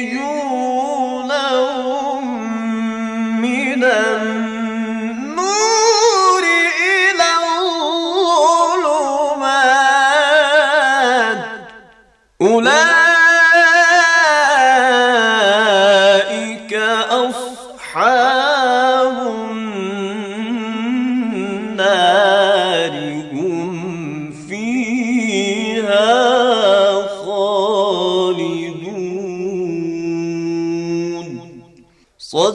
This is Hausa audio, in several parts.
يوم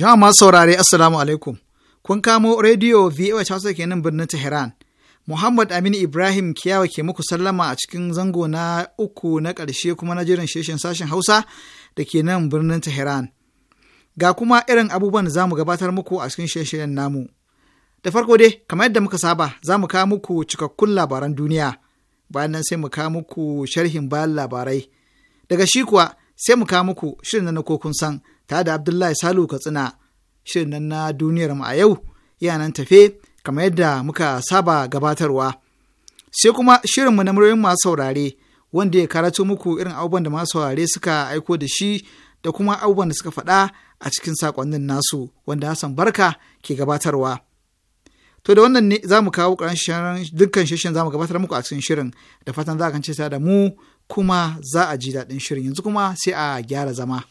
Jama'a masu saurare Assalamu alaikum. Kun kamo rediyo VOA ke nan birnin Tehran. Muhammad Aminu Ibrahim Kiyawa ke muku sallama a cikin zango na uku na ƙarshe kuma na jiran sheshen sashen Hausa da ke nan birnin Tehran. Ga kuma irin abubuwan da za mu gabatar muku a cikin sheshen namu. Da farko dai, kamar yadda muka saba, za mu kawo muku cikakkun labaran duniya. Bayan nan sai mu kawo muku sharhin bayan labarai. Daga shi kuwa sai mu kawo muku shirin na kun san. ta da Abdullahi Salu Katsina shirin nan na duniyar mu a yau yanan tafe kamar yadda muka saba gabatarwa. Sai kuma shirinmu na muryoyin masu saurare wanda ya karato muku irin abubuwan da masu saurare suka aiko da shi da kuma abubuwan da suka faɗa a cikin saƙonnin nasu wanda Hassan Barka ke gabatarwa. To da wannan ne za mu kawo ƙarshen dukkan shirin za mu gabatar muku a cikin shirin da fatan za a kance da mu kuma za a ji daɗin shirin yanzu kuma sai a gyara zama.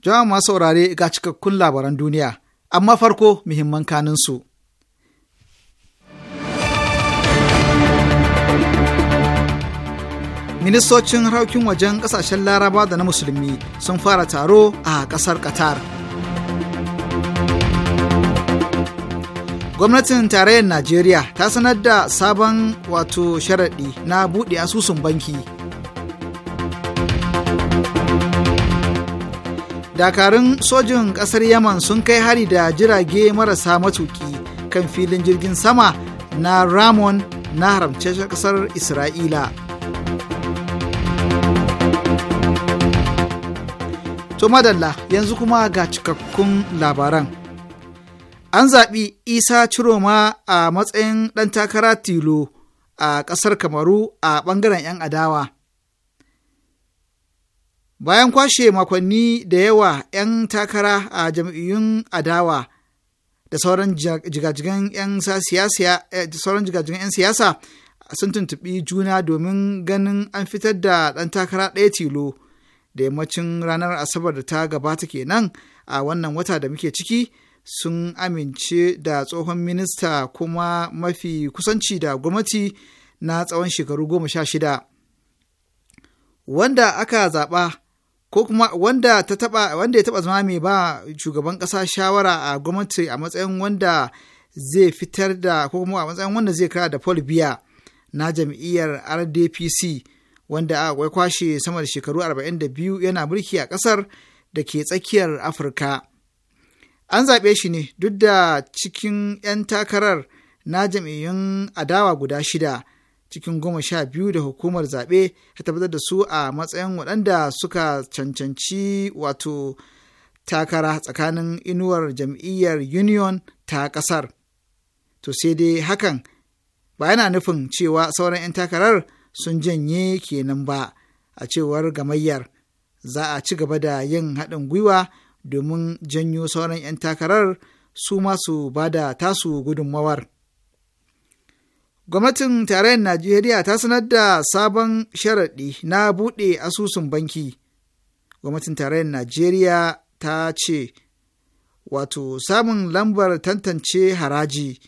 Jama'a masu saurare ga cikakkun labaran duniya, amma farko muhimman kaninsu. Ministocin harkokin wajen ƙasashen Laraba da na Musulmi sun fara taro a ƙasar Qatar. gwamnatin tarayyar najeriya ta sanar da sabon wato sharaɗi na buɗe asusun banki dakarun sojin ƙasar yaman sun kai hari da jirage marasa matuki kan filin jirgin sama na ramon na haramce ƙasar isra'ila to madalla yanzu kuma ga cikakkun labaran An zaɓi Isa Ciroma a matsayin ɗan takara tilo a ƙasar Kamaru a ɓangaren 'yan adawa. Bayan kwashe makonni da yawa 'yan takara a jam'iyyun adawa eh, da sauran jigajigan 'yan siyasa sun tuntuɓi juna domin ganin an fitar da ɗan takara ɗaya tilo da yammacin ranar Asabar da ta gabata kenan a wannan wata da muke ciki. sun amince da tsohon minista kuma mafi kusanci da gwamnati na tsawon shekaru goma sha shida wanda aka zaɓa ko kuma wanda ta taba wanda ya taɓa zama mai ba shugaban ƙasa shawara a gwamnati a matsayin wanda zai fitar da ko kuma a matsayin wanda zai kara da Paul Biya na jam'iyyar RDPC wanda a kwashe sama da shekaru 42 yana mulki a ƙasar da ke tsakiyar Afirka. An zaɓe shi ne duk da cikin 'yan takarar na jam'iyyun adawa guda shida cikin goma sha biyu da hukumar zaɓe ta tabbatar da su a matsayin waɗanda suka cancanci wato takara tsakanin inuwar jam'iyyar Union ta ƙasar. To sai dai hakan ba yana nufin cewa sauran 'yan takarar sun janye kenan ba a cewar gamayyar za a ci gaba da yin haɗin gwiwa domin janyo sauran 'yan takarar su masu ba da tasu gudunmawar. Gwamnatin tarayyar Najeriya ta sanar da sabon sharaɗi na buɗe asusun banki. Gwamnatin tarayyar Najeriya ta ce, wato samun lambar tantance haraji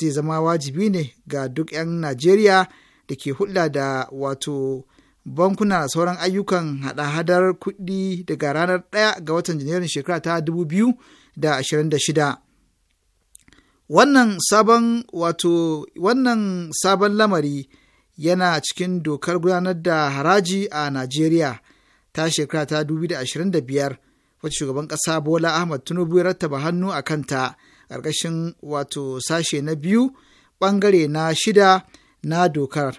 zai zama wajibi ne ga duk 'yan Najeriya da ke hulɗa da wato bankuna da sauran ayyukan hada-hadar kuɗi daga ranar 1 ga watan janairun shekara ta 2026 wannan sabon wato wannan sabon lamari yana cikin dokar gudanar da haraji a najeriya ta shekara ta 2025 wacce shugaban ƙasa bola ahmad tinubu ya rattaba hannu a kanta ƙarƙashin wato sashe na biyu ɓangare na shida na dokar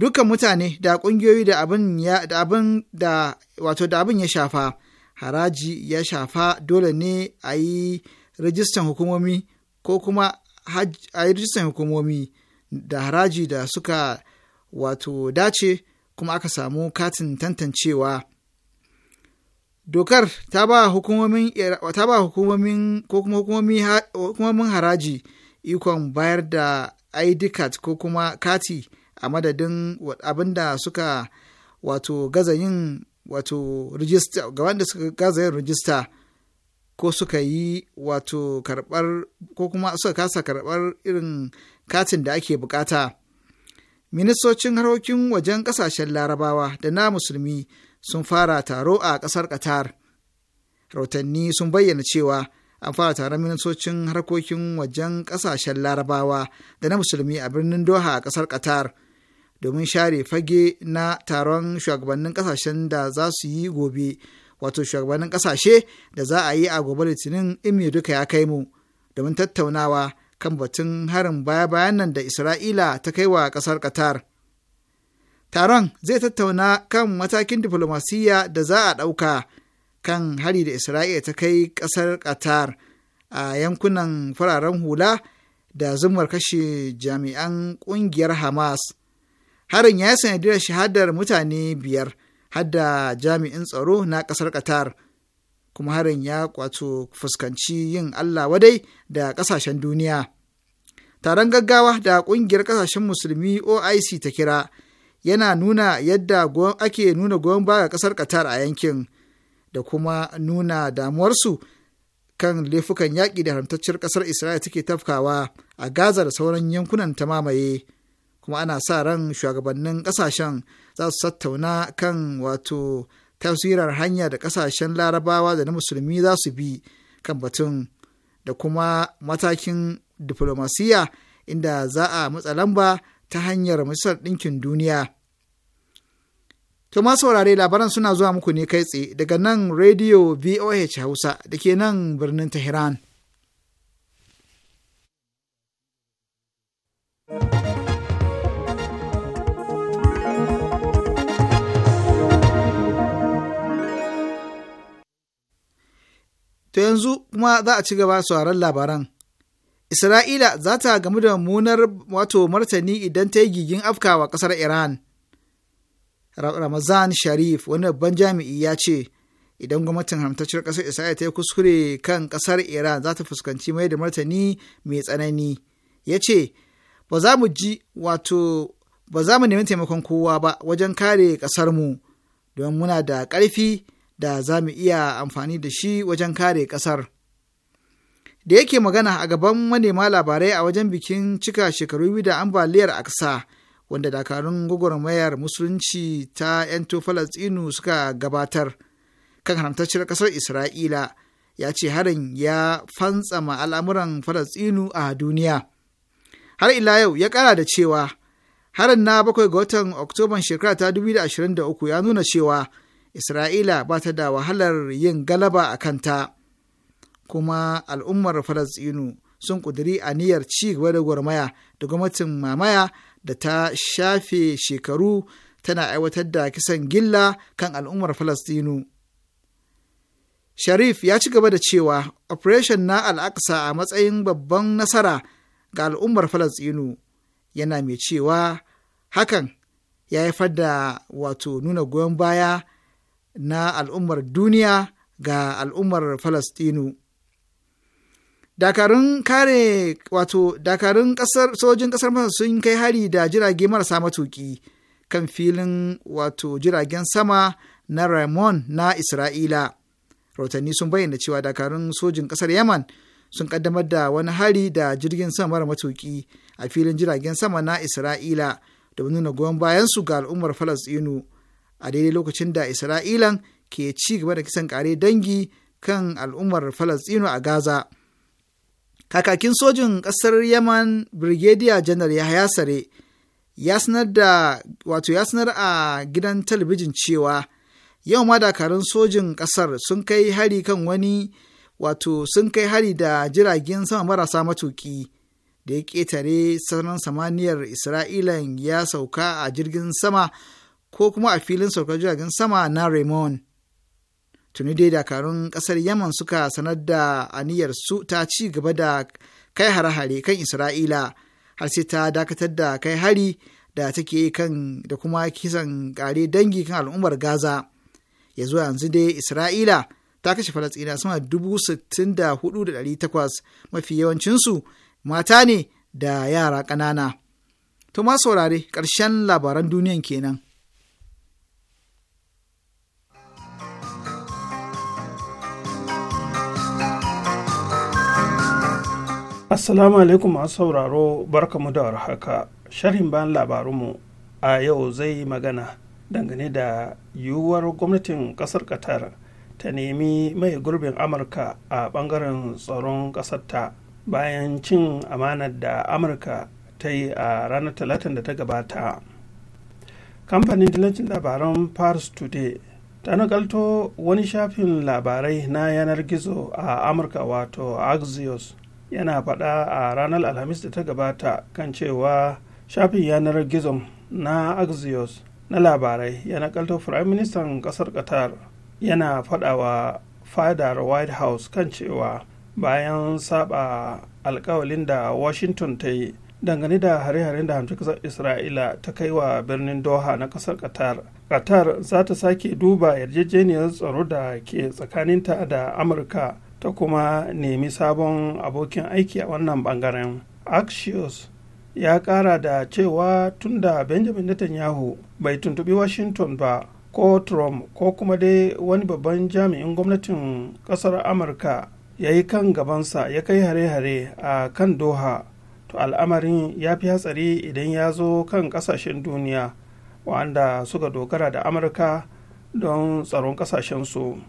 dukkan mutane da ƙungiyoyi da abin ya da abin da wato da abin ya shafa haraji ya shafa dole ne a yi rajistan hukumomi ko kuma a yi rajistan hukumomi da haraji da suka wato dace kuma aka samu katin tantancewa dokar ta ba hukumomin ta ba hukumomin ko kuma hukumomin haraji ikon bayar da ID card ko kuma kati a madadin abinda suka wato gaza yin wato rijista ga wanda suka gaza yin rijista ko suka yi wato karɓar ko kuma suka kasa karɓar irin katin da ake bukata. Ministocin harkokin wajen ƙasashen larabawa da na musulmi sun fara taro a ƙasar Qatar. Rautanni sun bayyana cewa an fara taron ministocin harkokin wajen ƙasashen larabawa da na musulmi a birnin Doha a ƙasar Qatar. domin share fage na taron shugabannin kasashen da za su yi gobe wato shugabannin kasashe da za a yi a gobe litinin imi duka ya kai mu domin tattaunawa kan batun harin baya bayan nan da isra'ila ta kai wa kasar qatar taron zai tattauna kan matakin diflomasiyya da za a ɗauka kan hari da isra'ila ta kai kasar qatar a yankunan fararen hula da zumar kashe jami'an ƙungiyar hamas harin ya sanadiyar shahadar mutane biyar hadda jami'in tsaro na ƙasar qatar kuma harin ya kwato fuskanci yin allah wadai da ƙasashen duniya taron gaggawa da ƙungiyar ƙasashen musulmi oic ta kira yana nuna yadda ake nuna goyon baya ƙasar qatar a yankin da kuma nuna damuwarsu kan laifukan yaƙi da haramtacciyar ƙasar isra'ila take tafkawa a gaza da sauran yankunan ta mamaye kuma ana sa ran shugabannin kasashen za su tattauna kan wato tasirar hanya da kasashen larabawa da na musulmi za su bi kan batun da kuma matakin diflomasiya inda za a matsa lamba ta hanyar majalisar ɗinkin duniya. To saurare labaran suna zuwa muku ne kai tsaye daga nan Radio VOH Hausa da ke nan birnin Tehran. To yanzu kuma za a ci gaba sauraron labaran. Isra'ila za ta gamu da mummunar wato martani idan ta yi gigin afkawa ƙasar Iran. Ramazan Sharif wani babban jami'i ya ce, idan gwamnatin haramtacciyar ƙasar Isra'ila ta yi kuskure kan ƙasar Iran za ta fuskanci mai da martani mai tsanani. Ya ce, ba za mu ji wato ba za mu nemi taimakon kowa ba wajen kare ƙasar mu, don muna da ƙarfi da za mu iya amfani da shi wajen kare ƙasar. Da yake magana a gaban manema labarai a wajen bikin cika shekaru biyu da ambaliyar aksa wanda dakarun gwagwarmayar musulunci ta 'yanto Falasɗinu suka gabatar kan haramtacciyar ƙasar Isra'ila ya ce harin ya fantsama al'amuran Falasɗinu a duniya. Har ila yau ya ƙara da cewa harin na bakwai ga watan Oktoban shekara ta 2023 ya nuna cewa isra'ila ba ta da wahalar yin galaba a kanta kuma al'ummar falasɗinu sun ƙudiri niyyar ci gaba da gwarmaya da gwamnatin mamaya da ta shafe shekaru tana aiwatar da kisan gilla kan al'ummar Falasɗinu. Sharif ya ci gaba da cewa Operation na Al'aqsa a matsayin babban nasara ga al'ummar Falasɗinu yana mai cewa hakan ya haifar da wato nuna goyon baya na al'ummar duniya ga al'ummar falastinu dakarun kare wato dakarun kasar sojin kasar masar sun kai hari da jirage marasa matuki kan filin wato jiragen sama na ramon na isra'ila Ratanni sun bayyana cewa dakarun sojin kasar yaman sun kaddamar da wani hari da jirgin sama mara matuki a filin jiragen sama na isra'ila domin nuna goyon bayansu ga al'ummar falastinu a daidai lokacin da isra'ilan ke ci gaba da kisan kare dangi kan al'ummar falastino a gaza kakakin sojin ƙasar yaman brigadier janar yahaya sare ya sanar da wato ya sanar a gidan talabijin cewa yau ma dakarun sojin ƙasar sun kai hari kan wani wato sun kai hari da jiragen sama marasa matuki da ya ƙetare sararin samaniyar isra'ilan ya sauka a jirgin sama ko kuma a filin saukar jiragen sama na Raymond. Tuni dai dakarun ƙasar Yaman suka sanar da aniyar su ta ci gaba da kai hare-hare kan Isra'ila har sai ta dakatar da kai hari da take kan da kuma kisan kare dangi kan al'ummar Gaza. Ya zuwa yanzu dai Isra'ila ta kashe Falasɗina sama dubu sittin da hudu da ɗari takwas mafi yawancinsu mata ne da yara ƙanana. To ma saurare ƙarshen labaran duniyan kenan. Assalamu alaikum masu sauraro barkamu da warhaka. Sharhin bayan labarunmu a yau zai magana dangane da yiwuwar gwamnatin kasar Qatar ta nemi mai gurbin Amurka a bangaren tsaron ƙasarta bayan cin amanar da Amurka ta yi a ranar talatin da ta gabata. Kamfanin dilancin labaran Paris Today ta nagalto wani shafin labarai na yanar gizo a Amurka wato Axios. yana faɗa a ranar alhamis da ta gabata kan cewa shafin yanar gizon na axios na labarai ya nakalto firayim ministan ƙasar qatar yana faɗa wa fadar white house kan cewa bayan saba alkawalin da washington ta yi dangane da hare-haren da hamshi kasar isra'ila ta kai wa birnin doha na kasar qatar qatar za ta sake duba yarjejeniyar tsaro da ke tsakaninta da amurka ta kuma nemi sabon abokin aiki a wannan bangaren axios ya kara da cewa tunda benjamin netanyahu bai tuntubi washington ba ko trump ko kuma dai wani babban jami'in gwamnatin kasar amurka ya yi kan gabansa ya kai hare-hare a kan doha to al'amarin ya fi hatsari idan ya zo kan kasashen duniya wa'anda suka dogara da amurka don tsaron kasashensu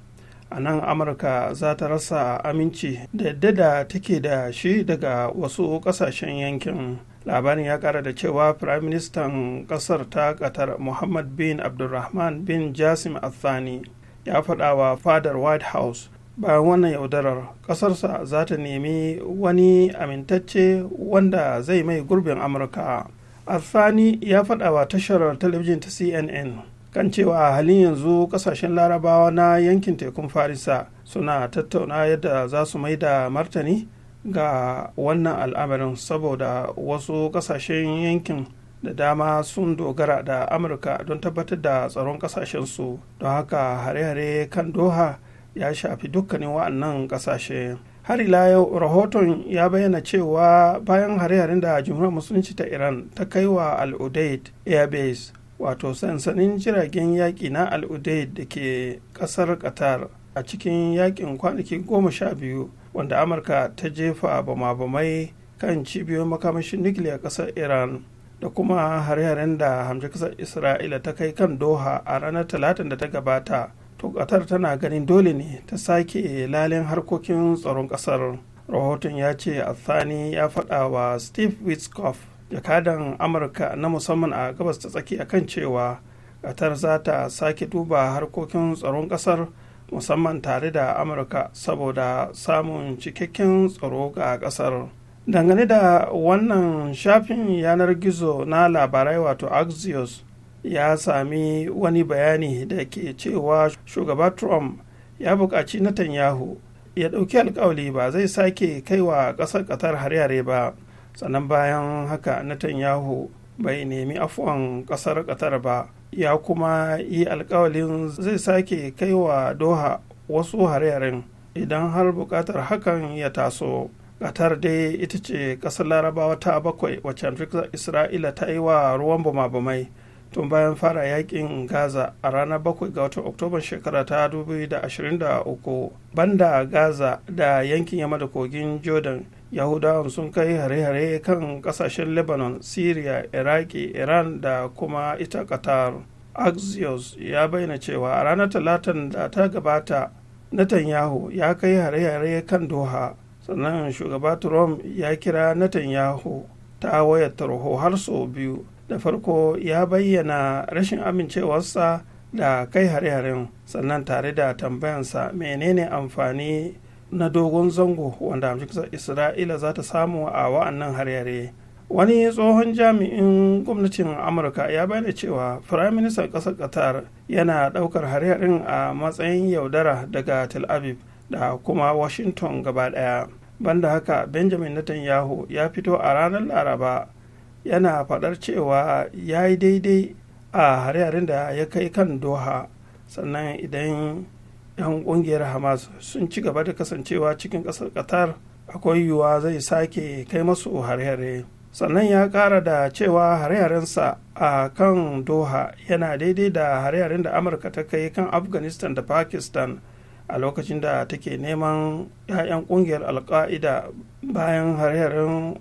a nan amurka za ta rasa aminci da yadda da take da shi daga wasu kasashen yankin labarin ya kara da cewa prime minister kasar ta katar muhammad bin abdulrahman bin jasim athani ya faɗa wa fadar white house bayan wannan yaudarar ƙasarsa za ta nemi wani amintacce wanda zai mai gurbin amurka athani ya faɗa wa tashar talabijin ta cnn kan cewa a halin yanzu kasashen larabawa na yankin tekun farisa suna tattauna yadda za su mai da martani ga wannan al'amarin saboda wasu kasashen yankin da dama sun dogara da amurka don tabbatar da tsaron kasashensu don haka hare-hare kan doha ya shafi dukkanin wa'annan kasashe har ila yau rahoton ya bayyana cewa bayan hare-haren da jimhuriyar musulunci ta iran ta kai wa al-udaid airbase wato sansanin jiragen yaƙi na al'udai da ke ƙasar qatar a cikin yaƙin kwanaki goma sha biyu wanda amurka ta jefa bama-bamai kan cibiyoyin makamashin nukiliya ƙasar iran da kuma hare-haren da Hamza ƙasar isra'ila ta kai kan doha a ranar talatin da ta gabata to qatar tana ganin dole ne ta sake lalin harkokin tsaron ƙasar rahoton ya ce athani ya faɗa wa steve witkoff jakadan amurka na musamman a gabas ta tsakiya kan cewa ƙatar za ta sake duba harkokin tsaron kasar musamman tare da amurka saboda samun cikakken tsaro ga kasar dangane da wannan shafin yanar gizo na labarai wato axios ya sami wani bayani da ke cewa shugaba trump ya buƙaci netanyahu ya ɗauki alkawali ba zai sake kaiwa ƙasar ƙatar hare-hare ba sannan bayan haka netanyahu bai nemi afuwan kasar qatar ba ya kuma yi alkawalin zai sake kai wa doha wasu hare-haren idan har bukatar hakan ya taso qatar dai ita ce kasar larabawa ta bakwai wacce amurka isra'ila ta yi wa ruwan bama-bamai tun bayan fara yakin gaza a ranar 7 ga watan oktoban shekara ta 2023 banda gaza da yankin yamma da kogin jordan yahudawan sun kai hare-hare kan kasashen lebanon syria iraki iran da kuma ita qatar axios ya bayyana cewa a ranar talatin da ta gabata netanyahu ya kai hare-hare kan doha sannan shugaba trump ya kira netanyahu ta wayar tarho har sau biyu da farko ya bayyana rashin amincewarsa da kai hare-haren sannan tare da tambayansa menene amfani na dogon zango wanda amshin isra'ila za ta samu a wa'annan hare-hare wani tsohon jami'in gwamnatin amurka ya bayyana cewa firaministan ƙasar qatar yana ɗaukar hare-haren a matsayin yaudara daga tel aviv da kuma washington gaba ɗaya banda haka benjamin netanyahu ya fito a ranar laraba yana faɗar cewa ya yi daidai a hare-haren da ya kai kan doha sannan idan 'yan ƙungiyar hamas sun ci gaba da kasancewa cikin ƙasar qatar akwai yiwuwa zai sake kai masu hare-hare sannan ya ƙara da cewa hare-harensa a kan doha yana daidai da hare-haren da amurka ta kai kan afghanistan da pakistan a lokacin da take neman 'ya'yan ƙungiyar alka'ida bayan hare-haren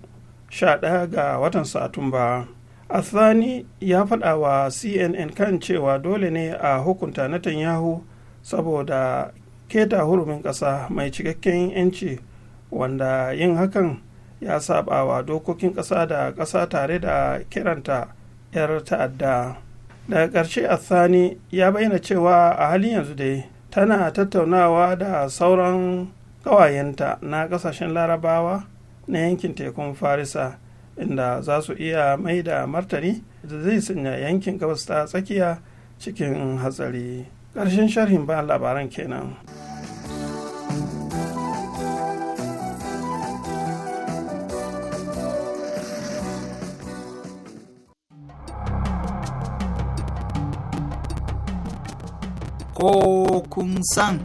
11 ga watan satumba athani ya faɗa wa cnn kan cewa dole ne a hukunta na netanyahu saboda keta hurumin ƙasa mai cikakken 'yanci wanda yin hakan ya saba wa dokokin ƙasa da ƙasa tare da kiranta 'yar ta'adda daga ƙarshe athani ya bayyana cewa a halin yanzu dai tana tattaunawa da sauran ƙawayenta na ƙasashen larabawa na yankin tekun farisa inda za su iya mai da martani da zai sanya yankin gabas ta tsakiya cikin hatsari ƙarshen sharhin ba labaran kenan. ko kun san.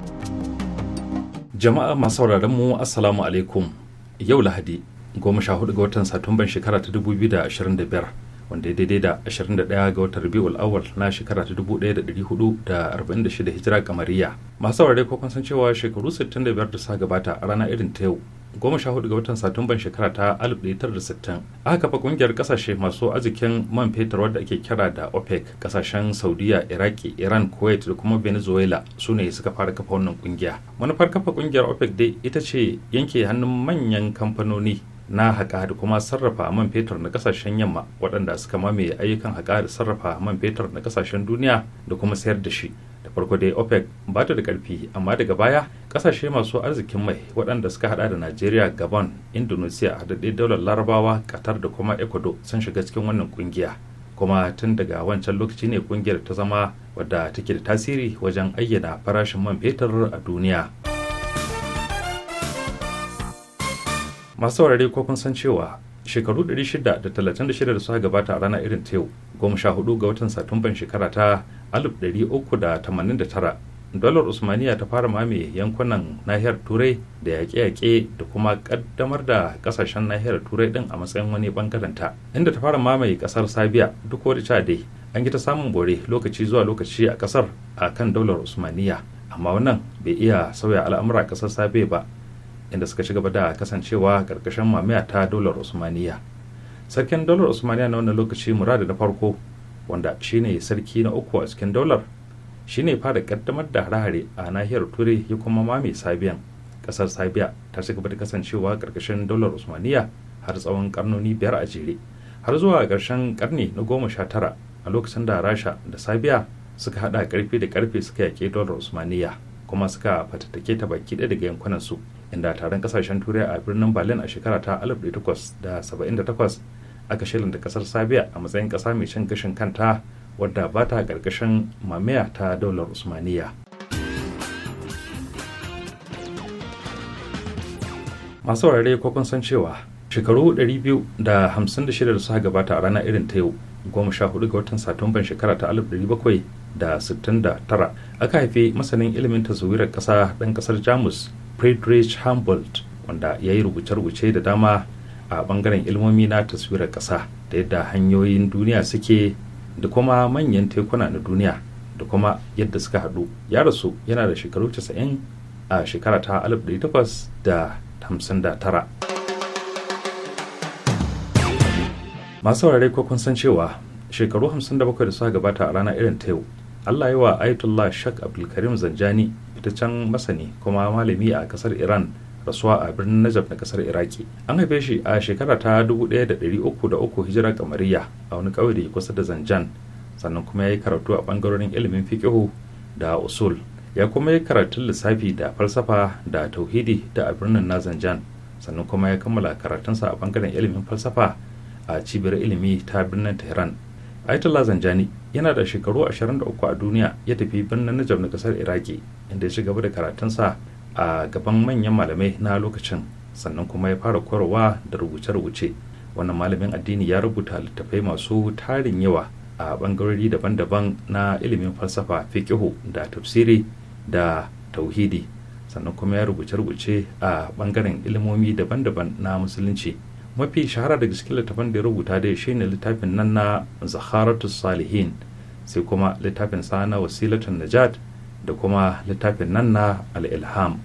Jama'a masu mu Assalamu alaikum. yau lahadi goma sha hudu ga watan satumban shekara ta dubu biyu da da ashirin biyar wanda ya daidai da ɗaya ga watan rabiul awal na shekara ta dubu da da da arba'in hudu shida hijira kamariya masu saurare ko kun san cewa shekaru biyar da suka gabata a rana irin ta yau goma sha hudu ga watan satumban shekara ta alif 1960 aka kafa kungiyar kasashe masu arzikin man fetur wadda ake kira da opec kasashen saudiya iraki iran kuwait da kuma venezuela su ne suka fara kafa wannan kungiya manufar kafa kungiyar opec dai ita ce yanke hannun manyan kamfanoni na haƙa da kuma sarrafa man fetur na ƙasashen yamma waɗanda suka mamaye ayyukan haƙa da sarrafa man fetur na ƙasashen duniya da kuma sayar da shi da farko dai opec ba ta da ƙarfi amma daga baya ƙasashe masu arzikin mai waɗanda suka haɗa da nigeria gabon indonesia daɗe daular larabawa qatar da kuma ecuador sun shiga cikin wannan ƙungiya kuma tun daga wancan lokaci ne ƙungiyar ta zama wadda take da tasiri wajen ayyana farashin man fetur a duniya. masu saurari ko kun san cewa shekaru 636 da suka gabata a rana irin ta yau goma sha hudu ga watan satumban shekara ta 1389 dolar usmaniya ta fara mamaye yankunan nahiyar turai da yaƙe-yaƙe da kuma ƙaddamar da ƙasashen nahiyar turai din a matsayin wani ɓangaren ta inda ta fara mamaye ƙasar sabiya duk wani dai an ta samun bore lokaci zuwa lokaci a ƙasar a kan dolar usmaniya amma wannan bai iya sauya al'amura ƙasar sabiya ba inda suka ci gaba da kasancewa karkashin mamaya ta dolar usmaniya sarkin dolar usmaniya na wannan lokaci muradi na farko wanda shine sarki na uku a cikin dolar shine fara kaddamar da harare a nahiyar turai ya kuma mame sabiyan kasar sabiya ta ci gaba da kasancewa karkashin dolar usmaniya har tsawon karnoni biyar a jere har zuwa karshen karni na goma sha tara a lokacin da rasha da sabiya suka hada karfi da karfe suka yaƙi dolar usmaniya kuma suka fatattake ta baki ɗaya daga yankunan su inda taron kasashen turai a birnin berlin a shekara ta 1878 aka shirinta kasar sabiya a matsayin kasa mai cin gashin kanta wadda ba ta karkashin mamaya ta daular usmaniya masu warare ko kun san cewa shekaru 256 da suka gabata a rana irin ta yau hudu ga watan satumban shekara ta 1769 aka haifi masanin ilimin taswirar kasa ɗan kasar jamus friedrich humboldt wanda ya yi rubuce-rubuce da dama a bangaren ilmomi na taswirar ƙasa da yadda hanyoyin duniya suke da kuma manyan tekuna na duniya da kuma yadda suka haɗu ya rasu yana da shekaru 90 a shekara ta 1859 masu saurare ko san cewa shekaru 57 da suka gabata a rana irin ta yau allah yi wa ayatollah shak abdulkarim zanjani can masani kuma malami a kasar iran rasuwa a birnin najaf na kasar iraki an haife shi a shekara ta 1303 hijira kamariya a wani ƙauye da ke kusa da zanjan sannan kuma ya yi karatu a ɓangarorin ilimin fiqihu da usul ya kuma yi karatun lissafi da falsafa da tauhidi da a birnin na zanjan sannan kuma ya kammala karatunsa a ɓangaren ilimin falsafa a cibiyar ilimi ta birnin tehran Ayatollah Zanjani yana da shekaru 23 a duniya ya tafi birnin Najaf na kasar Iraki inda ya ci gaba da karatunsa a gaban manyan malamai na lokacin sannan kuma ya fara koyarwa da rubuce-rubuce. Wannan malamin addini ya rubuta littattafai masu tarin yawa a bangarori daban-daban na ilimin falsafa, fikihu da tafsiri da tauhidi. sannan kuma ya rubuce-rubuce a bangaren ilimomi daban-daban na musulunci mafi shahara daga cikin littafin da ya rubuta dai shine littafin nan na zaharatu salihin sai kuma littafin sa na wasilatun najat da kuma littafin nan na al-ilham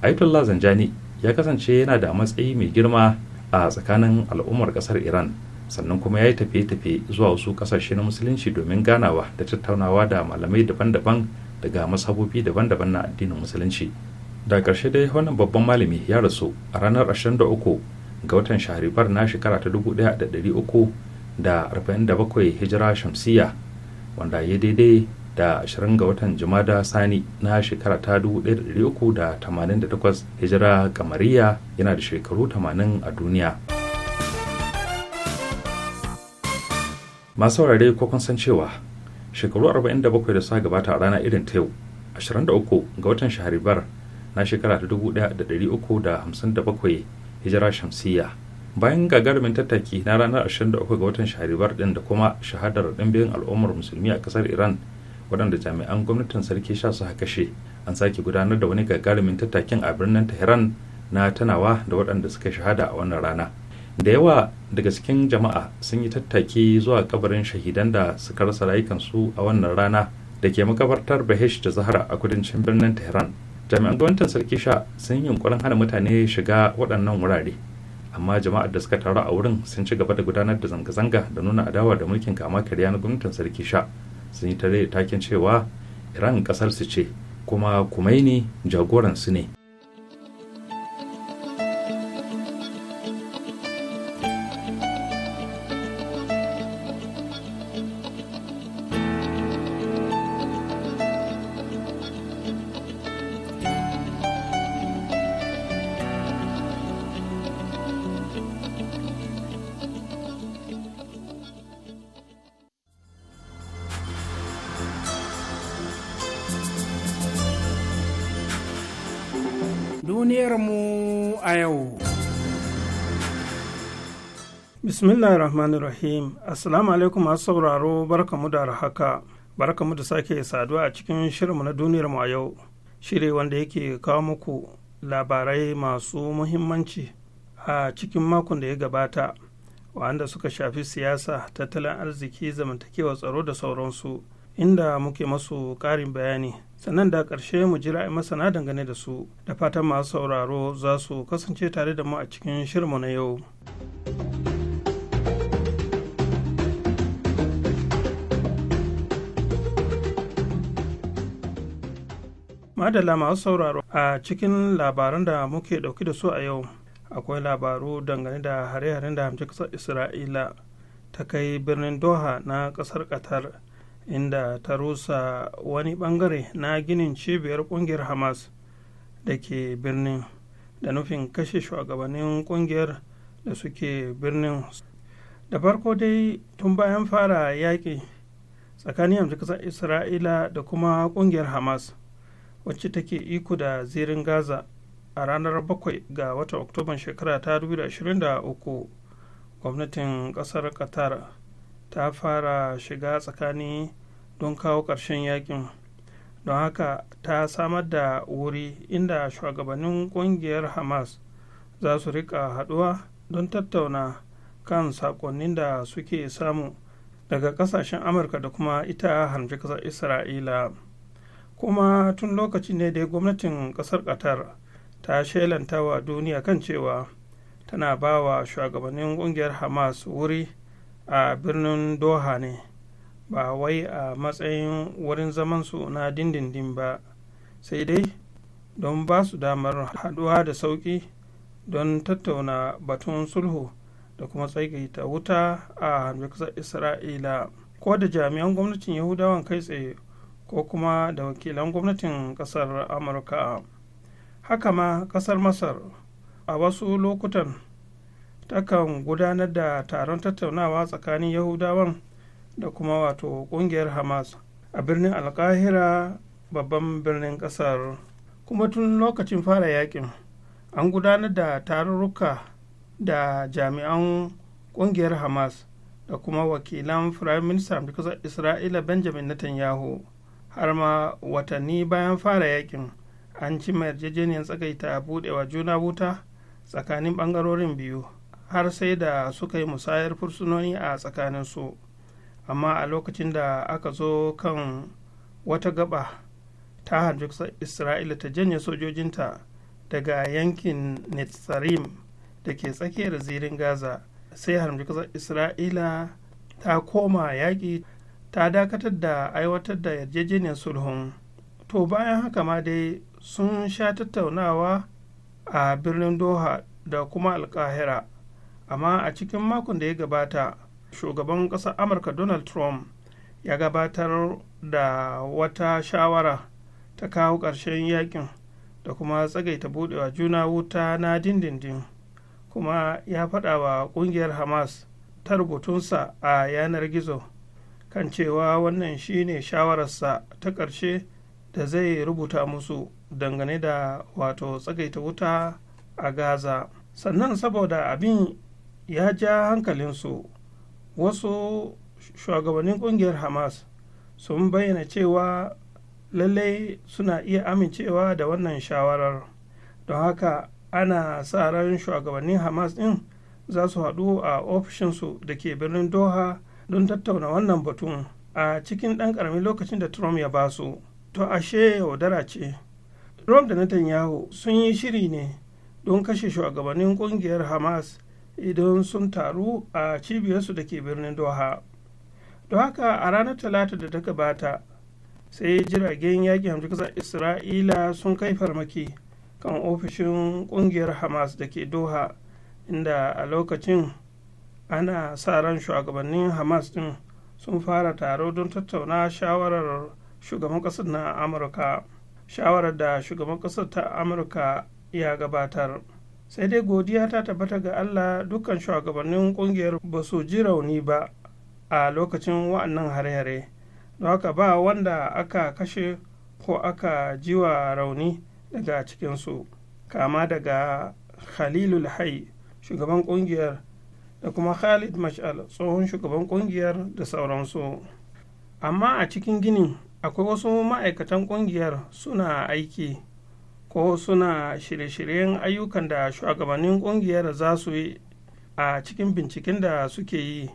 ayatollah zanjani ya kasance yana da matsayi mai girma a tsakanin al'ummar kasar iran sannan kuma ya yi tafiye-tafiye zuwa wasu kasashe na musulunci domin ganawa da tattaunawa da malamai daban-daban daga masabobi daban-daban na addinin musulunci da ƙarshe dai wannan babban malami ya rasu a ranar 23 ga watan shahribar na shekara ta 1347 hijira shamsiya wanda ya daidai da 20 ga watan jumada sani na shekara ta 1388 hijira kamariya yana da shekaru 80 a duniya masu saurare ko kun san cewa shekaru 47 da suka gabata a rana irin ta yau 23 ga watan shahribar na shekara ta 1357 hijira shamsiyya bayan gagarumin tattaki na ranar 23 ga watan sharibar din da kuma shahadar ɗimbin al'ummar musulmi a ƙasar iran waɗanda jami'an gwamnatin sarki sha su kashe an sake gudanar da wani gagarumin tattakin a birnin tehran na tanawa da waɗanda suka shahada a wannan rana da yawa daga cikin jama'a sun yi tattaki zuwa kabarin shahidan da suka rasa rayukansu a wannan rana da ke makabartar bahesh da zahara a kudancin birnin tehran jami'an gwamnatin sarki sha sun yi yunkurin hana mutane shiga waɗannan wurare amma jama'ar da suka taru a wurin sun ci gaba da gudanar da zanga-zanga da nuna adawa da mulkin kama karya na gwamnatin sarki sha sun yi tare da takin cewa iran kasar su ce kuma kumaini jagoransu ne duniyarmu a yau. rahim Assalamu alaikum masu sauraro barkamu da haka. Barkamu da sake saduwa a cikin shirinmu na duniyarmu a yau. Shiri wanda yake kawo muku labarai masu muhimmanci a cikin makon da ya gabata. Wanda suka shafi siyasa, tattalin arziki, zamantakewa tsaro da sauransu, inda muke masu ƙarin bayani. sannan da ƙarshe mu ji ra'ayin masana dangane da su da fatan masu sauraro za su kasance tare da mu a cikin shirmu na yau. madalla masu sauraro a cikin labaran da muke dauki da su a yau akwai labaru dangane da hare-haren da hamci kasar isra'ila ta kai birnin doha na ƙasar qatar inda ta rusa wani bangare na ginin cibiyar kungiyar hamas da ke birnin da nufin kashe shugabannin kungiyar da suke birnin da farko dai tun bayan fara yaƙi tsakanin yanzu kasar isra'ila da kuma kungiyar hamas wacce take iko da zirin gaza a ranar 7 ga watan oktoban shekara ta 2023 gwamnatin kasar qatar ta fara shiga tsakani don kawo ƙarshen yakin don haka ta samar da wuri inda shugabannin ƙungiyar hamas za su rika haɗuwa don tattauna kan saƙonnin da suke samu daga ƙasashen amurka da kuma ita harmci ƙasar isra'ila kuma tun lokacin ne da gwamnatin ƙasar qatar ta shelanta wa duniya kan cewa tana ba wa shugabannin ƙungiyar hamas wuri a birnin doha ne ba wai a matsayin wurin zamansu na dindindin ba sai dai don ba su damar haduwa da sauki don tattauna batun sulhu da kuma ta wuta a ƙasar isra'ila ko da jami'an gwamnatin yahudawan kai tsaye ko kuma da wakilan gwamnatin ƙasar amurka haka ma ƙasar masar a wasu lokutan takan gudanar da taron tattaunawa tsakanin yahudawan da kuma wato kungiyar hamas a birnin alkahira babban birnin kasar kuma tun lokacin fara yakin an gudanar da tarurruka da jami'an kungiyar hamas da kuma wakilan firayim da kasar isra'ila benjamin netanyahu har ma watanni bayan fara yakin an ci yarjejeniyar tsagaita budewa juna wuta tsakanin bangarorin biyu har sai da suka yi musayar fursunoni a tsakaninsu. su amma a lokacin da aka zo kan wata gaba ta hajjuksa isra'ila ta janye sojojinta daga yankin netsarim da ke tsakiyar zirin gaza sai hajjuksa isra'ila ta koma yaƙi ta dakatar da aiwatar da yarjejeniyar sulhun to bayan haka ma dai sun sha tattaunawa a birnin doha da kuma alkahira amma a cikin makon da ya gabata shugaban ƙasar amurka donald trump ya gabatar da wata shawara ta kawo ƙarshen yakin da kuma tsagaita budewa juna wuta na dindindin kuma ya faɗa wa ƙungiyar hamas ta rubutunsa a yanar gizo kan cewa wannan shine shawararsa ta ƙarshe da zai rubuta musu dangane da wato tsagaita wuta a gaza sannan saboda abin ya ja hankalinsu wasu shugabannin kungiyar hamas sun bayyana cewa lallai suna iya amincewa da wannan shawarar don haka ana sa ran shugabannin hamas din za su haɗu a ofishinsu da ke birnin doha don tattauna wannan batun a cikin ɗan ƙaramin lokacin da trump ya ba su to ashe yaudara ce trump da netanyahu sun yi shiri ne don kashe shugabannin ƙungiyar hamas idan sun taru a cibiyarsu da ke birnin doha don haka a ranar talata da ta gabata sai jiragen yakin hamshin isra'ila sun kai farmaki kan ofishin ƙungiyar hamas da ke doha inda a lokacin ana sa ran shugabannin hamas din sun fara taro don tattauna shawarar shugaban kasar na amurka shawarar da shugaban kasar ta amurka ya gabatar sai dai godiya ta tabbata ga allah dukkan shugabannin kungiyar ba su ji rauni ba a lokacin wa'annan hare-hare da haka ba wanda aka kashe ko aka jiwa rauni daga cikinsu kama daga khalilul hai shugaban kungiyar da kuma khalid mashal tsohon shugaban kungiyar da sauransu amma a cikin ginin akwai wasu ma'aikatan kungiyar suna aiki ko suna shirye-shiryen ayyukan da shugabannin ƙungiyar za su yi a cikin binciken da suke yi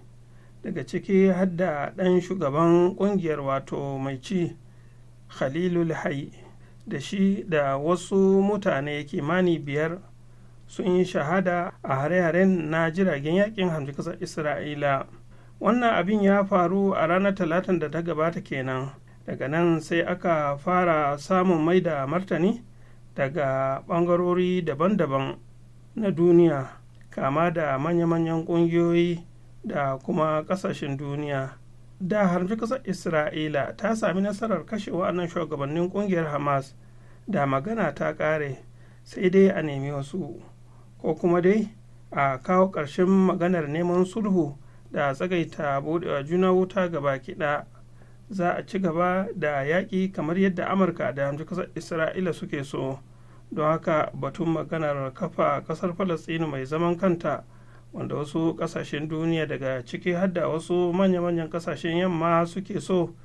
daga ciki hadda ɗan shugaban ƙungiyar wato mai ci khalilul hai da shi da wasu mutane kimani biyar sun yi shahada a hare-haren na jiragen yakin hamji kasar isra'ila wannan abin ya faru a ranar talatin da ta gabata kenan daga nan sai aka fara samun mai da martani daga ɓangarori daban-daban na duniya kama da manya-manyan ƙungiyoyi da kuma ƙasashen duniya da harfi ƙasar isra'ila ta sami nasarar kashe wa'annan shugabannin ƙungiyar hamas da magana ta ƙare sai dai a nemi wasu ko kuma dai a kawo ƙarshen maganar neman sulhu da tsagaita buɗewa juna wuta gaba kiɗa za a ci gaba da yaƙi kamar yadda amurka da hamshi ƙasar isra'ila suke so don haka batun maganar kafa kasar falasɗinu mai zaman kanta wanda wasu kasashen duniya daga ciki hadda wasu manya-manyan kasashen yamma suke so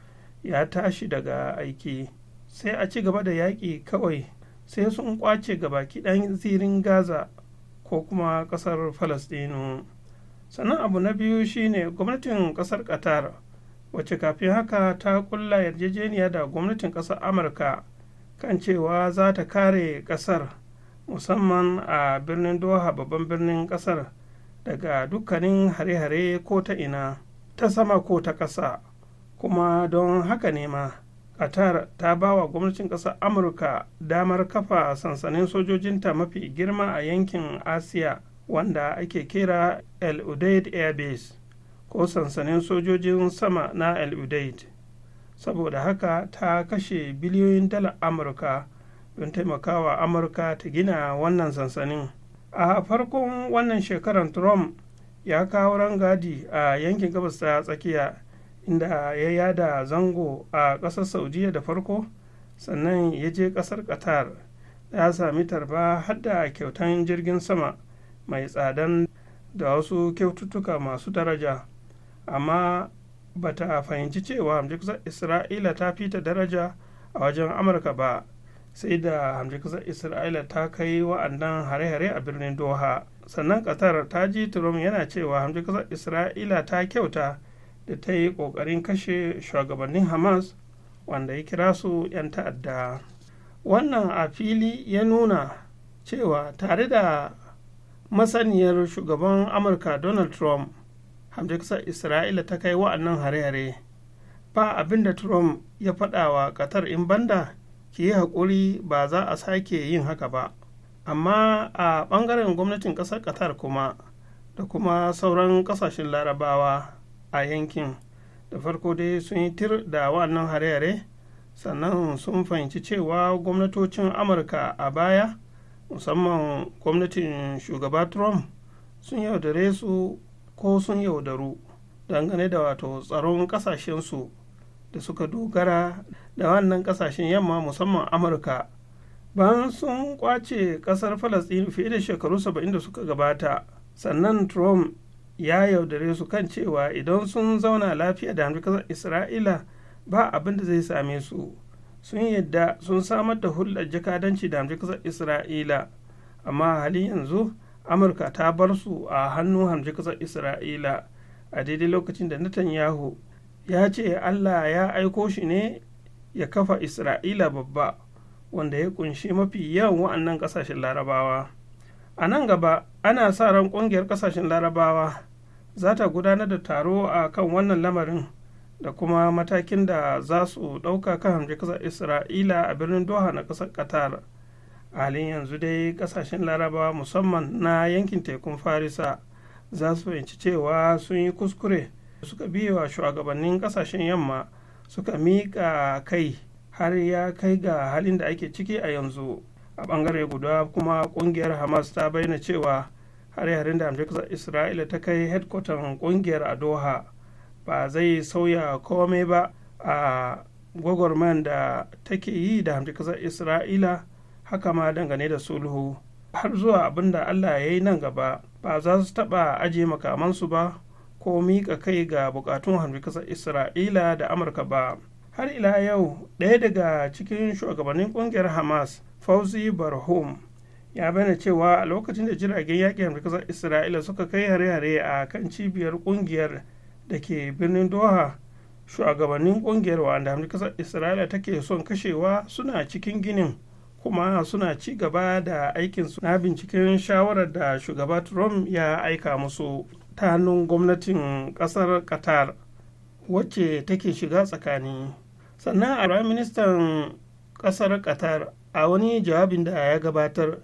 ya tashi daga aiki sai a ci gaba da yaƙi kawai sai sun kwace baki ɗan zirin gaza ko kuma kasar falasɗinu sannan abu na biyu shine gwamnatin kasar qatar wacce kafin haka ta kulla yarjejeniya da gwamnatin kasar amurka kan cewa za ta kare ƙasar musamman a birnin doha babban birnin ƙasar daga dukkanin hare-hare ko ta ina ta sama ko ta ƙasa kuma don haka ne ma qatar ta ba wa gwamnatin ƙasar amurka damar kafa sansanin sojojinta mafi girma a yankin asiya wanda ake kira el udeid air base ko sansanin sojojin sama na el udeid saboda haka ta kashe biliyoyin dalar amurka don taimakawa amurka ta gina wannan sansanin a farkon wannan shekarar trump ya kawo rangadi a yankin gabas ta tsakiya inda ya yada zango a ƙasar saudiya da farko sannan ya je ƙasar qatar ya sami tarba hadda kyautan jirgin sama mai tsadan da wasu kyaututtuka masu daraja amma ba ta fahimci cewa hamjikisar isra'ila ta fita daraja a wajen amurka ba sai da hamjikisar isra'ila ta kai wa'annan hare-hare a birnin doha sannan qatar ta ji trump yana cewa hamjikisar isra'ila ta kyauta da ta yi ƙoƙarin kashe shugabannin hamas wanda ya kira su 'yan ta'adda wannan a fili ya nuna cewa tare da masaniyar shugaban amurka donald trump hamdai kasar isra'ila ta kai wa'annan hare-hare ba abinda da trump ya faɗa wa qatar in banda ki yi haƙuri ba za a sake yin haka ba amma a ɓangaren gwamnatin ƙasar qatar kuma da kuma sauran ƙasashen larabawa a yankin da farko dai sun yi tir da wa'annan hare-hare sannan sun fahimci cewa gwamnatocin amurka a baya musamman gwamnatin shugaba trump sun yaudare su ko sun yaudaru dangane da wato tsaron kasashensu da suka dogara da wannan kasashen yamma musamman amurka bayan sun kwace kasar falastin fiye da shekaru 70 da suka gabata sannan trump ya yaudare su kan cewa idan sun zauna lafiya da kasar isra'ila ba abin da zai same su sun yadda sun samar da hulɗar jakadanci da kasar isra'ila amma halin yanzu amurka ta bar su a hannun hamji kasar isra'ila a daidai lokacin da netanyahu ya ce allah ya aiko shi ne ya kafa isra'ila babba wanda ya kunshi mafi yawan wa'annan ƙasashen larabawa a nan gaba ana sa ran ƙungiyar ƙasashen larabawa za ta gudanar da taro a kan wannan lamarin da kuma matakin da za su ɗauka kan hamji kasar isra'ila a birnin doha na ƙasar qatar a halin yanzu dai kasashen larabawa musamman na yankin tekun farisa za su fahimci cewa sun yi kuskure suka biyewa shugabannin kasashen yamma suka miƙa kai har ya kai ga halin da ake ciki a yanzu a bangare guda kuma kungiyar hamas ta bayyana cewa har haren da amurka isra'ila ta kai hedkwatan kungiyar a doha ba zai sauya komai ba a gwagwarman da take yi da amurka isra'ila haka ma dangane da sulhu har zuwa abin da allah ya yi nan gaba ba za su taɓa aje makamansu ba ko miƙa kai ga buƙatun hamdu kasar isra'ila da amurka ba har ila yau ɗaya daga cikin shugabannin ƙungiyar hamas fauzi barhum ya bayyana cewa a lokacin da jiragen yaƙin hamdu kasar isra'ila suka kai hare-hare a kan cibiyar ƙungiyar da ke birnin doha shugabannin ƙungiyar wanda hamdu kasar isra'ila take son kashewa suna cikin ginin kuma suna ci gaba da aikinsu na binciken shawarar da shugaba trump ya aika musu ta hannun gwamnatin kasar qatar wacce take shiga tsakani sannan a prime ministan kasar qatar a wani jawabin da ya gabatar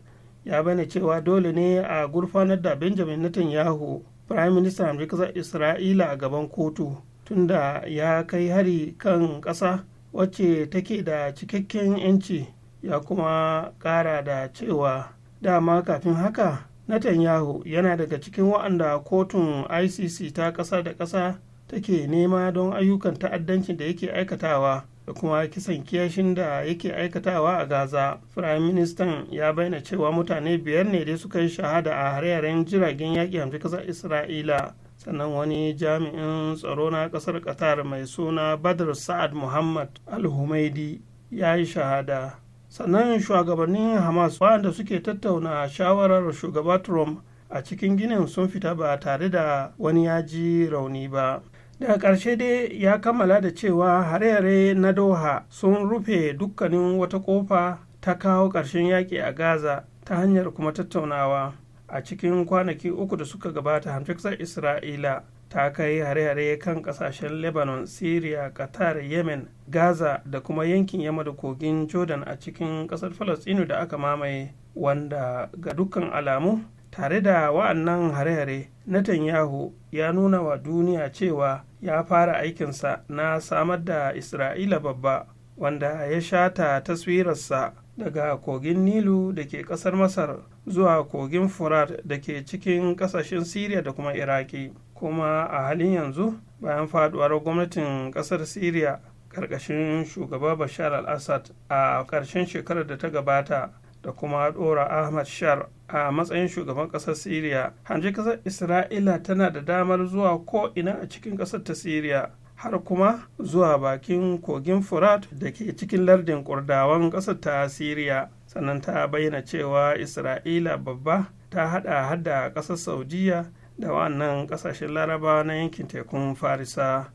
ya bane cewa dole ne a gurfanar da benjamin netanyahu prime minister amurka isra'ila a gaban kotu tunda ya kai hari kan ƙasa wacce take da cikakken 'yanci ya kuma ƙara da cewa dama kafin haka Netanyahu yana daga cikin wa'anda kotun ICC ta ƙasa da ƙasa take nema don ayyukan ta'addancin da yake aikatawa da kuma kisan kiyashin da yake aikatawa a Gaza. Firayim Ministan ya bayyana cewa mutane biyar ne dai suka yi shahada a hare jiragen yaƙi hamsin ƙasar Isra'ila. Sannan wani jami'in tsaro na ƙasar Qatar mai suna Badr Sa'ad Muhammad Al-Humaidi ya yi shahada. sannan shugabannin hamas waɗanda suke tattauna shawarar shugaba trump a cikin ginin sun fita ba tare da wani yaji rauni ba daga ƙarshe dai ya kammala da cewa hare-hare na doha sun rufe dukkanin wata ƙofa ta kawo ƙarshen yaƙi a gaza ta hanyar kuma tattaunawa a cikin kwanaki uku da suka gabata hamfisar isra'ila ta kai hare-hare kan kasashen lebanon syria qatar yemen gaza da kuma yankin yamma da kogin jordan a cikin kasar falastinu da aka mamaye wanda ga dukkan alamu tare da wa'annan hare-hare netanyahu ya nuna wa duniya cewa ya fara aikinsa na samar da isra'ila babba wanda ya shata taswirarsa daga kogin nilu da ke kasar masar zuwa kogin furat da ke cikin kasashen syria da kuma iraki kuma a halin yanzu bayan faduwar gwamnatin kasar syria karkashin shugaba bashar al-assad a karshen shekarar da ta gabata da kuma dora ahmad shar a matsayin shugaban kasar syria hanji kasar isra'ila tana da damar zuwa ko ina a cikin kasar ta syria har kuma zuwa bakin kogin furat da ke cikin lardin kurdawan kasar ta syria sannan ta bayyana cewa isra'ila babba ta hada hada kasar saudiya da wannan kasashen laraba na yankin tekun farisa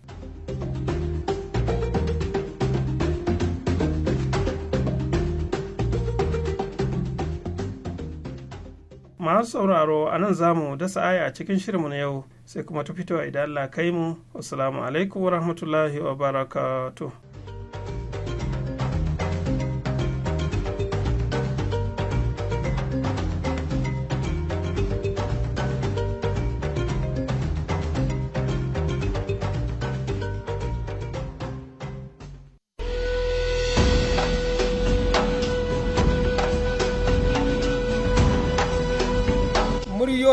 masu sauraro a nan zamu dasa aya a cikin shirinmu na yau sai kuma ta fitowa idan Allah kai mu. Assalamu alaikum wa rahmatullahi wa barakatuh.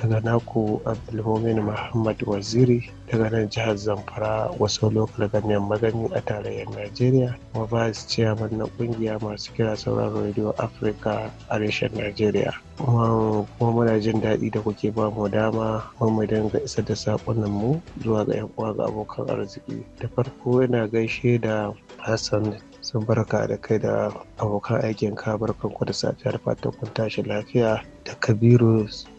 daga naku abdulmumin muhammad waziri daga nan jihar zamfara wasu lokal ganyen magani a tarayyar najeriya kuma vice chairman na kungiya masu kira sauran radio africa a reshen najeriya kuma muna jin daɗi da kuke ba mu dama mu dinga isa da saƙonan mu zuwa ga yan uwa ga abokan arziki da farko ina gaishe da hassan sun barka da kai da abokan aikin ka barkanku da safiyar fatan kun tashi lafiya da kabiru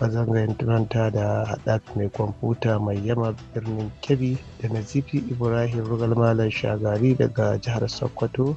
a zangayen turanta da haɗaf mai kwamfuta mai yama birnin kebbi da nazifi ibrahim rugal malam shagari daga jihar sokoto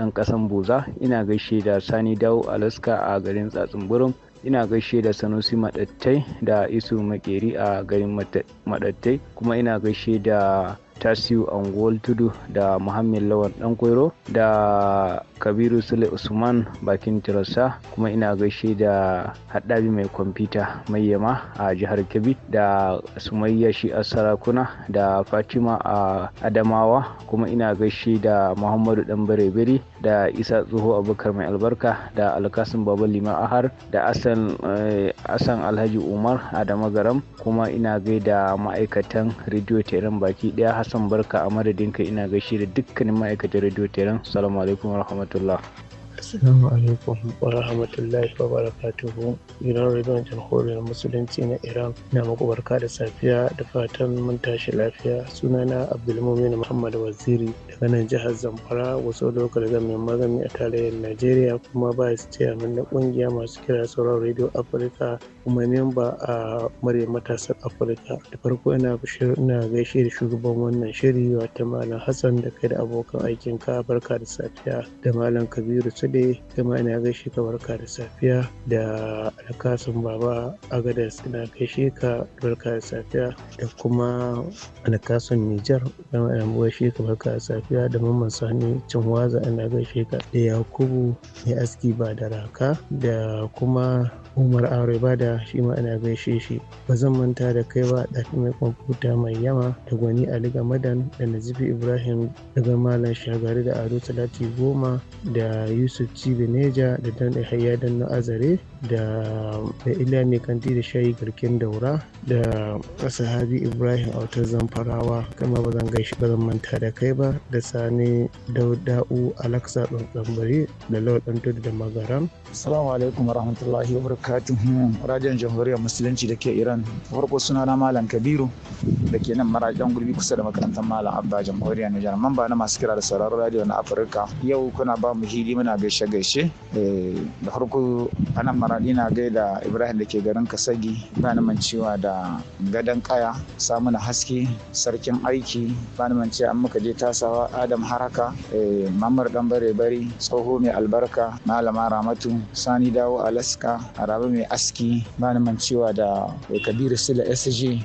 ɗan kasan Buza, ina gaishe da Sani Dawo Alaska a garin Tsatsunburum, ina gaishe da Sanusi Maɗattai da Isu Makeri a garin madattai kuma ina gaishe da Tasiu Angol Tudu da muhammed Lawan Ɗan da kabiru sule usman bakin tirasa kuma ina gaishe da haɗabi mai kwamfuta mai yama a jihar kebbi da sumayya shi a sarakuna da fatima a adamawa kuma ina gaishe da muhammadu dan bare da isa tsoho abubakar mai albarka da alkasin baba liman ahar da asan eh, alhaji umar adama garam kuma ina gaida ma'aikatan rediyo teran baki daya hassan barka a madadinka ina gaishe da dukkanin ma'aikatan rediyo teran salamu alaikum wa rahmatullahi laugh. Assalamu alaikum wa rahmatullahi wa barakatuhu. Gidan rediyon jamhuriyar musulunci na Iran na muku barka da safiya da fatan mun tashi lafiya. Sunana Abdulmumin Muhammad Waziri daga nan jihar Zamfara wasu lokal mai magani a tarayyar Najeriya kuma ba su ce na kungiya masu kira sauran rediyo Afirka kuma memba a murya matasan Afirka. Da farko ina gaishe da shugaban wannan shiri wata Malam Hassan da kai da abokan aikin ka barka da safiya da Malam Kabiru Sule safe kai ma ina gaishe ka barka da safiya da alkasun baba agadas ina gaishe ka barka da safiya da kuma alkasun nijar ina gaishe ka barka da safiya da mamman sani waza ina gaishe ka da yakubu mai aski ba da raka da kuma Umar Aure Bada shi ma ina gaishe shi. Ba zan manta da kai ba ɗafi mai kwamfuta mai yama da gwani Ali Gamadan da Nazifi Ibrahim daga Malam Shagari da Ado Talati Goma da Yusuf Cibi Neja da Dan Hayya Dan na Azare da da Iliya Mai Kanti da Shayi Garkin Daura da Sahabi Ibrahim Autar Zamfarawa kama ba zan gaishe ba zan manta da kai ba da Sani Dauda'u Alaksa Tsambari da Lawal Tudu da Magaram Assalamu alaikum wa rahmatullahi wa barakatuhu. Radiyon Jamhuriyar Musulunci da ke Iran. Farko suna na Malam Kabiru da ke nan marajan gurbi kusa da makarantar Malam Abba Jamhuriya. Nijar. Mamba na masu kira da sauraron radio na Afirka. Yau kuna ba mu hili muna gaishe gaishe. Eh, da farko nan maradi na gaida Ibrahim da ke garin Kasagi. Ba ni mancewa da gadon kaya, samuna haske, sarkin aiki. ba ni mancewa an muka je tasawa Adam Haraka, eh, Mamar bare Bari, tsoho mai albarka, Malama Ramatu, Sani Dawo Alaska a rabe Mai Aski Malaman cewa da Kabiru sila SG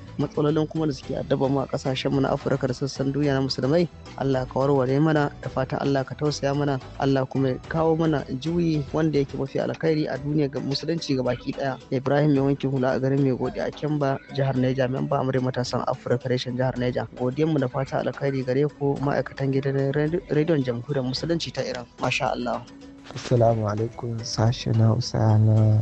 matsalolin kuma da suke addaba mu a kasashen mu na Afirka da sassan duniya na musulmai Allah ka warware mana da fatan Allah ka tausaya mana Allah kuma ya kawo mana juyi wanda yake mafi alkhairi a duniya ga musulunci ga baki daya Ibrahim mai wankin hula a garin mai gode a Kemba jihar neja memba amurai matasan Afirka reshen jihar neja godiyar mu da fatan alkhairi gare ku ma'aikatan gidan rediyon jamhuriyar musulunci ta Iran masha Allah Assalamu alaikum sashen Hausa na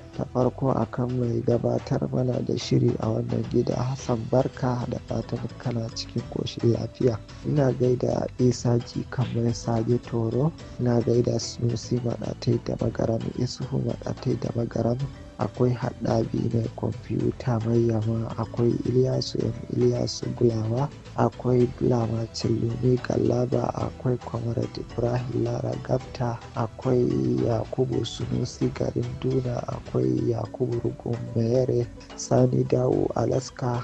ta farko akan mai gabatar mana da shiri a wannan gida Hassan Barka da fatan kana cikin koshin lafiya. Ina gaida Isa Ji kamar Sage Toro, ina gaida Sunusi Maɗatai da Magaram Isuhu Maɗatai da Magaram akwai haɗabi mai kwamfuta mai yama akwai iliyasu yan iliyasu gulawa akwai gulawa cilomi galaba akwai comrade ibrahim lara gafta akwai yakubu sunusi garin duna akwai yakubu rugun mayere sani dawo alaska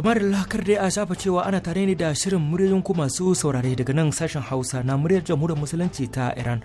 tumar da dai a shafa cewa ana tare ne da shirin muryoyin ku masu saurare daga nan sashen hausa na muryar jamhuriyar musulunci ta iran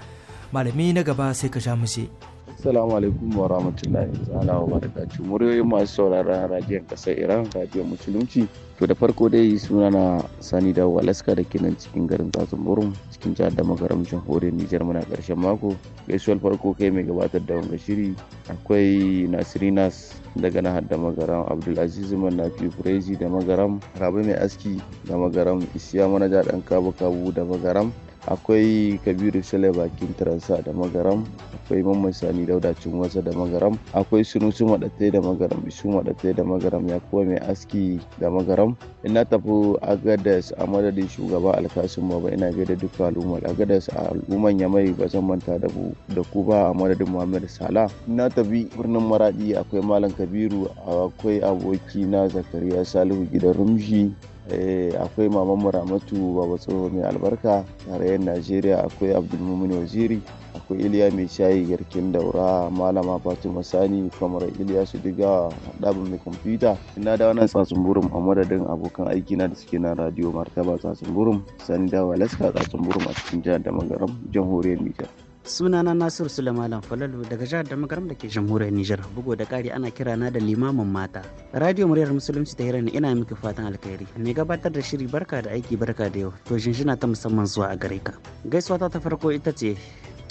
malami na gaba sai ka sha mushe. Assalamu alaikum wa rahmatullahi wa barakatuh. Muryoyin masu sauraron radiyon kasar Iran, radiyon musulunci. to da farko dai suna na sani da walaska da ke nan cikin garin tsatsun cikin jihar da magaram jamhuriyar nijar muna karshen mako gaisuwar farko kai mai gabatar da wanga shiri akwai nasirinas daga nahar da magaram abdulaziz manafi furezi da magaram rabu mai aski da magaram isiya manaja dan kabu kabu da magaram akwai kabiru sale bakin taransa da magaram akwai mamman sani dauda wasa da magaram akwai sunusu madatai da magaram isu madatai da magaram ya kuwa mai aski da magaram ina tafi agadas a madadin shugaba alkasun baba ina gaida duka al'ummar agadas a al'umman yamai ba zan manta da ku ba a madadin muhammad sala ina tafi birnin maradi akwai malam kabiru akwai aboki na zakariya salihu gidan rumshi eh, akwai maman muramatu baba tsoho mai albarka tarayyar najeriya akwai abdulmumin waziri Ko iliya mai shayi garkin daura malama fatima sani kamar iliya su diga ɗabin mai kwamfuta ina da wannan tsatsun burin a madadin abokan aiki na da suke na radio martaba tsatsun burin sani da Walaska tsatsun burin a cikin jihar da magaram jamhuriyar nijar sunana nasiru sulaiman falalu daga jihar da magaram da ke jamhuriyar nijar bugu da ƙari ana kira na da limamin mata radio muryar musulunci ta hirar ina miki fatan alkhairi mai gabatar da shiri barka da aiki barka da yau to shinshina ta musamman zuwa a gare ka gaisuwa ta farko ita ce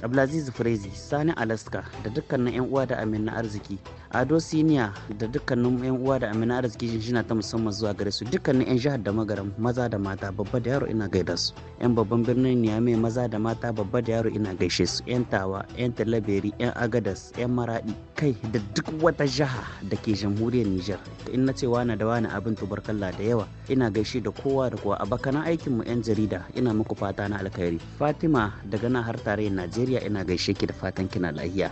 abdulaziz Frezi sani alaska da dukkanin yan uwa da amin na arziki ado senior da dukkanin yan uwa da amina arziki shina ta musamman zuwa gare su dukkanin yan jihar da magaram maza da mata babba da yaro ina gaida su yan babban birnin mai maza da mata babba da yaro ina gaishe su yan tawa yan talaberi yan agadas yan maradi kai da duk wata jiha da ke jamhuriyar niger in na ce wani da wani abin tubarkalla da yawa ina gaishe da kowa da kowa aikin aikinmu yan jarida ina muku fata na alkhairi fatima daga nan har tarayyar najeriya ina gaishe ki da fatan kina lahiya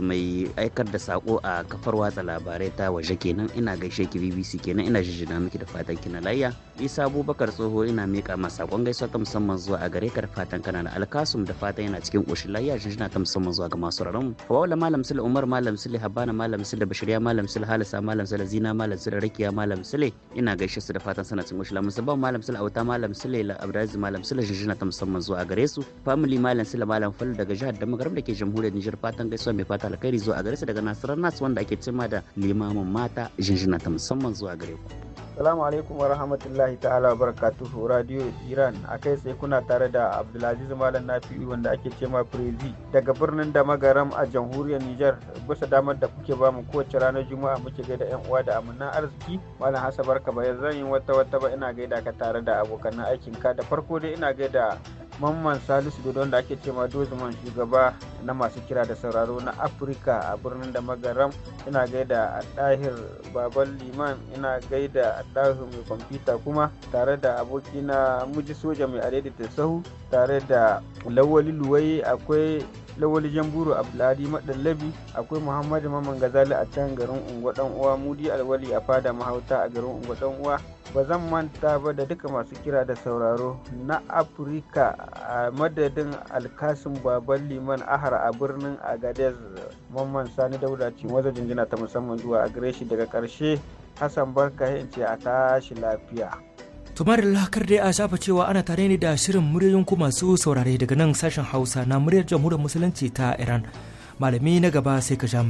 mai aikar da sako a kafar watsa labarai ta waje kenan ina gaishe ki BBC kenan ina jijjina miki da fatan kina layya Isa Abubakar tsoho ina mika ma sakon gaisuwa ta musamman zuwa a gare ka da fatan kana da alkasum da fatan yana cikin koshin layya jijjina ta musamman zuwa ga masu raron Fawala Malam Sule Umar Malam Sule Habana Malam Sule Bashiriya Malam Sule Halisa Malam Sule Zina Malam Sule Rakiya Malam Sule ina gaishe su da fatan sana cikin koshin musamman Malam Sule Auta Malam Sule Abdulaziz Malam Sule jijjina ta musamman zuwa a gare su family Malam Sule Malam Fal daga jihar da Magarib da ke jamhuriyar Nijar fatan gaisuwa mai fata alkhairi zuwa a gare su daga Nasarar Nas wanda ake cima da limamin mata jinjina ta musamman zuwa gare ku. Salamu alaikum wa rahmatullahi ta'ala wa barakatuhu Radio Iran a kai sai kuna tare da Abdulaziz Malam Nafi'u wanda ake ce ma Prezi daga birnin da magaram a jamhuriyar Nijar bisa damar da kuke bamu kowace ranar Juma'a muke gaida yan uwa da amanan arziki Malam Hassan barka ba zan yi wata wata ba ina gaida ka tare da abokan aikin ka da farko dai ina gaida Mamman Salisu Dodon da ake cewa Dozman shugaba na masu kira da sauraro na Afirka a birnin da magaram ina gaida a ɗahir baban liman ina gaida a ɗahir mai kwamfuta kuma tare da abokina muji soja mai ta sahu tare da lawali luwai akwai lawali jamburu abdulhadi madallabi akwai muhammadu mamman gazali a can garin unguwa dan uwa mudi alwali a fada mahauta a garin unguwa dan uwa ba zan manta ba da duka masu kira da sauraro na afirka a madadin alkasin baban liman ahar a birnin agadez mamman sani dauda ce waza jinjina ta musamman zuwa a gare shi daga karshe hassan barka ce a tashi lafiya tumar lakar dai a shafa cewa ana tare ne da shirin muryoyin masu saurare daga nan sashen hausa na muryar jamhuriyar musulunci ta iran malami na gaba sai ka sha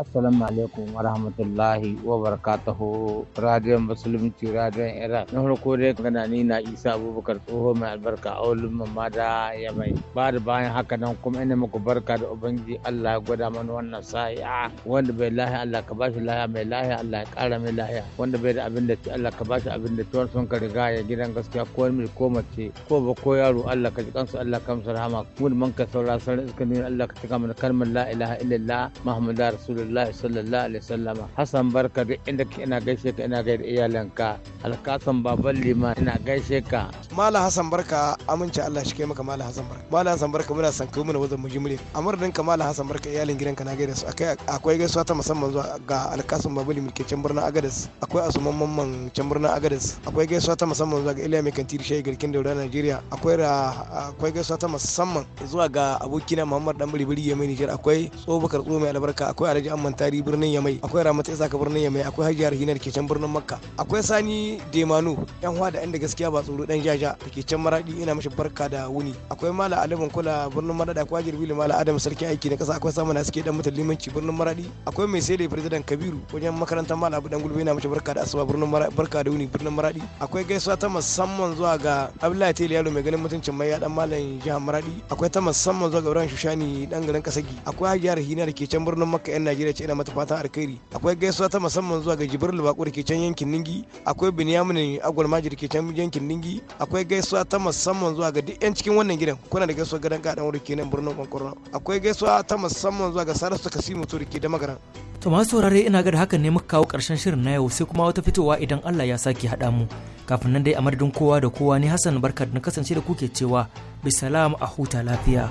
assalamu alaikum wa rahmatullahi wa barakatuhu radiyon musulunci radiyon iran na farko dai magana ni na isa abubakar tsoho mai albarka a wulin mamma da ya mai ba da bayan haka nan kuma ina muku barka da ubangiji allah ya gwada mana wannan sa'i'a wanda bai lahiya allah ka bashi lahiya mai lahiya allah ya kara mai lahiya wanda bai da abin da ci allah ka bashi abin da tuwar sun ka riga ya gidan gaskiya ko mai ko mace ko ba ko yaro allah ka ji kansu allah ka musu rahama kuma man ka saurara sarar iska nuna allah ka cika mana kalmar la ilaha illallah muhammadu rasulullah rasulullahi sallallahu alaihi wasallama hassan barka duk inda ka ina gaishe ka ina gaida iyalanka alkasan baban lima ina gaishe ka mala hassan barka amince Allah shi kai maka mala hassan barka mala hassan barka muna san kai muna muji mure amur din ka mala hassan barka iyalin gidan ka na gaida su akai akwai gaisuwa ta musamman zuwa ga alkasan baban lima ke can birnin agadas akwai asuman mamman can birnin agadas akwai gaisuwa ta musamman zuwa ga iliya mai kantiri shayi garkin daura najeriya akwai akwai gaisuwa ta musamman zuwa ga abokina muhammad dan biribiri ya mai nijar akwai tsobakar tso mai albarka akwai alhaji mantari birnin yamai akwai ramata isaka birnin yamai akwai hajiyar hinar ke can birnin makka akwai sani demanu yan hwa da ɗan da gaskiya ba tsoro dan jaja da ke can maradi ina mashi barka da wuni akwai mala alibin kula birnin maradi akwai hajiyar wili mala adam sarki aiki na kasa akwai samana suke dan mutan limanci birnin maradi akwai mai sai da president kabiru wajen makarantar mala abu dan gulbe ina mashi barka da asuba birnin maradi barka da wuni birnin maradi akwai gaisuwa ta musamman zuwa ga abdullahi tele mai ganin mutuncin mai ya dan malam jihar maradi akwai ta musamman zuwa ga ibrahim shushani dan garin kasagi akwai hajiyar hinar ke can birnin makka yan Najeriya ce ina mata fatan alkhairi akwai gaisuwa ta musamman zuwa ga Jibril Bako da ke can yankin Ningi akwai Binyamin Agwal Maji da ke can yankin Ningi akwai gaisuwa ta musamman zuwa ga duk yan cikin wannan gidan kuna da gaisuwa ga gadan wuri kenan birnin Kwankwarna akwai gaisuwa ta musamman zuwa ga Sarasu Kasimu to da ke da magaran To masu saurare ina ga da hakan ne muka kawo karshen shirin na yau sai kuma wata fitowa idan Allah ya sake hada mu. Kafin nan dai a madadin kowa da kowa ne Hassan barka na kasance da kuke cewa bisalamu a huta lafiya.